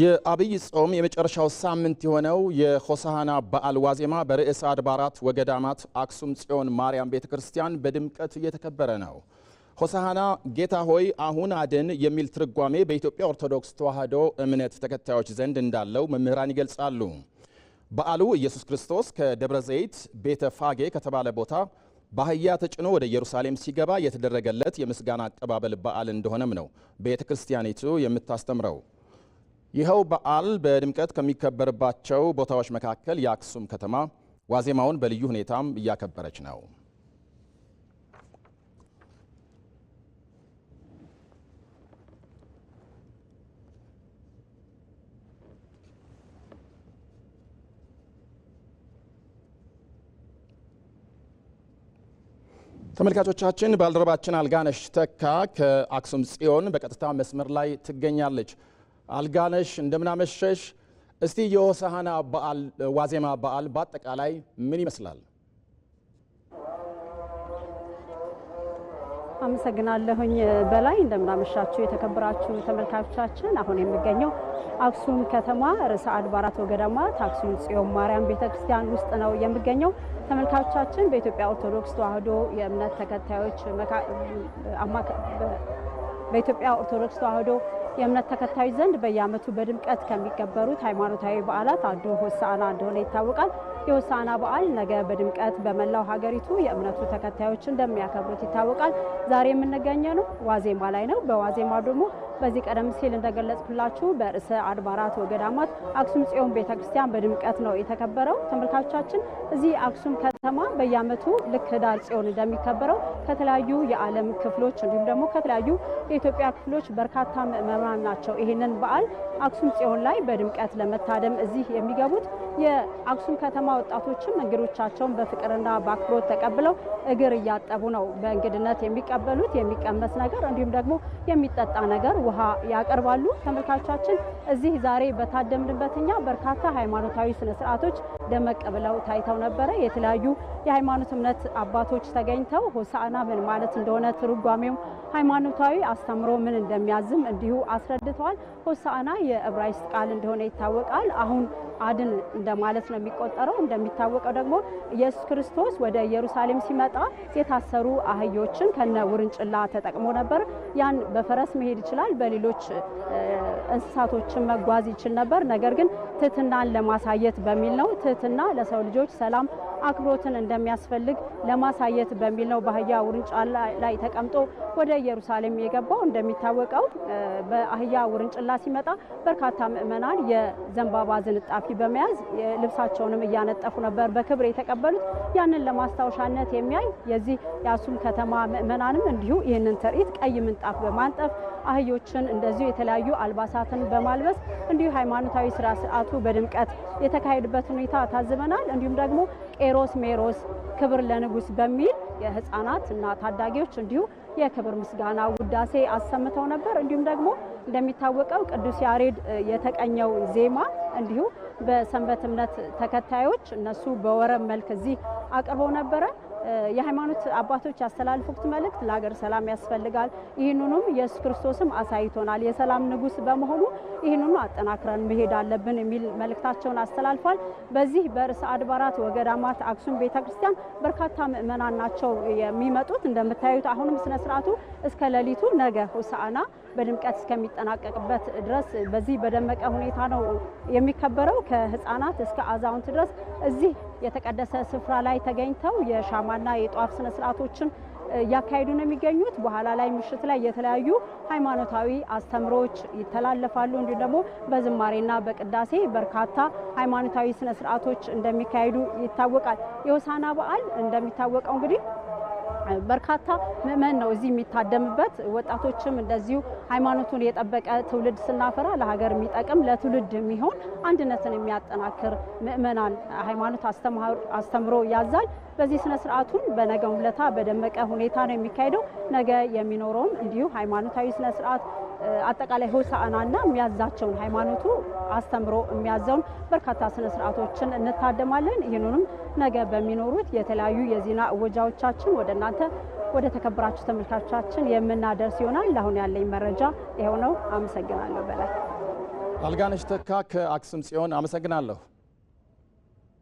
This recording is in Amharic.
የአብይ ጾም የመጨረሻው ሳምንት የሆነው የሆሳዕና በዓል ዋዜማ በርዕሰ አድባራት ወገዳማት አክሱም ጽዮን ማርያም ቤተ ክርስቲያን በድምቀት እየተከበረ ነው። ሆሳዕና ጌታ ሆይ አሁን አድን የሚል ትርጓሜ በኢትዮጵያ ኦርቶዶክስ ተዋሕዶ እምነት ተከታዮች ዘንድ እንዳለው መምህራን ይገልጻሉ። በዓሉ ኢየሱስ ክርስቶስ ከደብረ ዘይት ቤተ ፋጌ ከተባለ ቦታ በአህያ ተጭኖ ወደ ኢየሩሳሌም ሲገባ የተደረገለት የምስጋና አቀባበል በዓል እንደሆነም ነው ቤተ ክርስቲያኒቱ የምታስተምረው። ይኸው በዓል በድምቀት ከሚከበርባቸው ቦታዎች መካከል የአክሱም ከተማ ዋዜማውን በልዩ ሁኔታም እያከበረች ነው። ተመልካቾቻችን ባልደረባችን አልጋነሽ ተካ ከአክሱም ጽዮን በቀጥታ መስመር ላይ ትገኛለች። አልጋነሽ እንደምናመሸሽ። እስቲ የሆሳዕና በዓል ዋዜማ በዓል በአጠቃላይ ምን ይመስላል? አመሰግናለሁኝ በላይ እንደምናመሻችሁ የተከበራችሁ ተመልካቾቻችን። አሁን የሚገኘው አክሱም ከተማ ርዕሰ አድባራት ወገዳማት አክሱም ጽዮን ማርያም ቤተ ክርስቲያን ውስጥ ነው የሚገኘው። ተመልካቾቻችን በኢትዮጵያ ኦርቶዶክስ ተዋህዶ የእምነት ተከታዮች በኢትዮጵያ ኦርቶዶክስ ተዋህዶ የእምነት ተከታዮች ዘንድ በየዓመቱ በድምቀት ከሚከበሩት ሃይማኖታዊ በዓላት አንዱ ሆሳዕና እንደሆነ ይታወቃል። የሆሳዕና በዓል ነገ በድምቀት በመላው ሀገሪቱ የእምነቱ ተከታዮች እንደሚያከብሩት ይታወቃል። ዛሬ የምንገኘ ነው ዋዜማ ላይ ነው። በዋዜማ ደግሞ በዚህ ቀደም ሲል እንደገለጽኩላችሁ በርዕሰ አድባራት ወገዳማት አክሱም ጽዮን ቤተ ክርስቲያን በድምቀት ነው የተከበረው። ተመልካቾቻችን እዚህ አክሱም ከተማ በየዓመቱ ልክ ህዳር ጽዮን እንደሚከበረው ከተለያዩ የዓለም ክፍሎች እንዲሁም ደግሞ ከተለያዩ የኢትዮጵያ ክፍሎች በርካታ ምዕመናን ናቸው ይህንን በዓል አክሱም ጽዮን ላይ በድምቀት ለመታደም እዚህ የሚገቡት። የአክሱም ከተማ ወጣቶችም እንግዶቻቸውን በፍቅርና በአክብሮት ተቀብለው እግር እያጠቡ ነው በእንግድነት የሚቀበሉት። የሚቀመስ ነገር እንዲሁም ደግሞ የሚጠጣ ነገር ውሃ ያቀርባሉ። ተመልካቾቻችን እዚህ ዛሬ በታደምንበት እኛ በርካታ ሃይማኖታዊ ስነስርዓቶች ደመቅ ብለው ታይተው ነበረ። የተለያዩ የሃይማኖት እምነት አባቶች ተገኝተው ሆሳዕና ምን ማለት እንደሆነ ትርጓሜው፣ ሃይማኖታዊ አስተምሮ ምን እንደሚያዝም እንዲሁ አስረድተዋል። ሆሳዕና የዕብራይስጥ ቃል እንደሆነ ይታወቃል። አሁን አድን እንደማለት ነው የሚቆጠረው። እንደሚታወቀው ደግሞ ኢየሱስ ክርስቶስ ወደ ኢየሩሳሌም ሲመጣ የታሰሩ አህዮችን ከነ ውርንጭላ ተጠቅሞ ነበር። ያን በፈረስ መሄድ ይችላል፣ በሌሎች እንስሳቶችን መጓዝ ይችል ነበር። ነገር ግን ትህትናን ለማሳየት በሚል ነው። ትህትና ለሰው ልጆች ሰላም አክብሮትን እንደሚያስፈልግ ለማሳየት በሚል ነው በአህያ ውርንጫ ላይ ተቀምጦ ወደ ኢየሩሳሌም የገባው። እንደሚታወቀው በአህያ ውርንጭላ ሲመጣ በርካታ ምዕመናን የዘንባባ ዝንጣፊ በመያዝ ልብሳቸውንም እያነጠፉ ነበር በክብር የተቀበሉት። ያንን ለማስታወሻነት የሚያይ የዚህ የአሱም ከተማ ምዕመናንም እንዲሁ ይህንን ትርኢት ቀይ ምንጣፍ በማንጠፍ አህዮችን እንደዚሁ የተለያዩ አልባሳትን በማልበስ እንዲሁ ሃይማኖታዊ ስራ ስርዓቱ በድምቀት የተካሄድበት ሁኔታ ታዝበናል። እንዲሁም ደግሞ ኤሮስ ሜሮስ ክብር ለንጉስ በሚል የህፃናት እና ታዳጊዎች እንዲሁ የክብር ምስጋና ውዳሴ አሰምተው ነበር። እንዲሁም ደግሞ እንደሚታወቀው ቅዱስ ያሬድ የተቀኘው ዜማ እንዲሁ በሰንበት እምነት ተከታዮች እነሱ በወረብ መልክ እዚህ አቅርበው ነበረ። የሃይማኖት አባቶች ያስተላልፉት መልእክት ለሀገር ሰላም ያስፈልጋል። ይህንኑም ኢየሱስ ክርስቶስም አሳይቶናል። የሰላም ንጉስ በመሆኑ ይህንኑ አጠናክረን መሄድ አለብን የሚል መልእክታቸውን አስተላልፏል። በዚህ በርዕሰ አድባራት ወገዳማት አክሱም ቤተ ክርስቲያን በርካታ ምእመናን ናቸው የሚመጡት። እንደምታዩት አሁንም ስነ ስርዓቱ እስከ ሌሊቱ ነገ ሆሳዕና በድምቀት እስከሚጠናቀቅበት ድረስ በዚህ በደመቀ ሁኔታ ነው የሚከበረው። ከህፃናት እስከ አዛውንት ድረስ እዚህ የተቀደሰ ስፍራ ላይ ተገኝተው የሻማና የጧፍ ስነ ስርዓቶችን እያካሄዱ ነው የሚገኙት። በኋላ ላይ ምሽት ላይ የተለያዩ ሃይማኖታዊ አስተምሮች ይተላለፋሉ። እንዲሁም ደግሞ በዝማሬና በቅዳሴ በርካታ ሃይማኖታዊ ስነ ስርዓቶች እንደሚካሄዱ ይታወቃል። የሆሳዕና በዓል እንደሚታወቀው እንግዲህ በርካታ ምእመን ነው እዚህ የሚታደምበት። ወጣቶችም እንደዚሁ ሃይማኖቱን የጠበቀ ትውልድ ስናፈራ ለሀገር የሚጠቅም ለትውልድ የሚሆን አንድነትን የሚያጠናክር ምእመናን ሃይማኖት አስተምሮ ያዛል። በዚህ ስነ ስርዓቱን በነገው ዕለት በደመቀ ሁኔታ ነው የሚካሄደው። ነገ የሚኖረውም እንዲሁ ሃይማኖታዊ ስነ ስርዓት አጠቃላይ ሆሳዕናና የሚያዛቸውን ሃይማኖቱ አስተምሮ የሚያዘውን በርካታ ስነ ስርዓቶችን እንታደማለን። ይህንንም ነገ በሚኖሩት የተለያዩ የዜና እወጃዎቻችን ወደ እናንተ ወደ ተከበራችሁ ተመልካቾቻችን የምናደርስ ይሆናል። ለአሁን ያለኝ መረጃ ይኸው ነው። አመሰግናለሁ። በላይ አልጋነሽ ተካ ከአክሱም ጽዮን አመሰግናለሁ።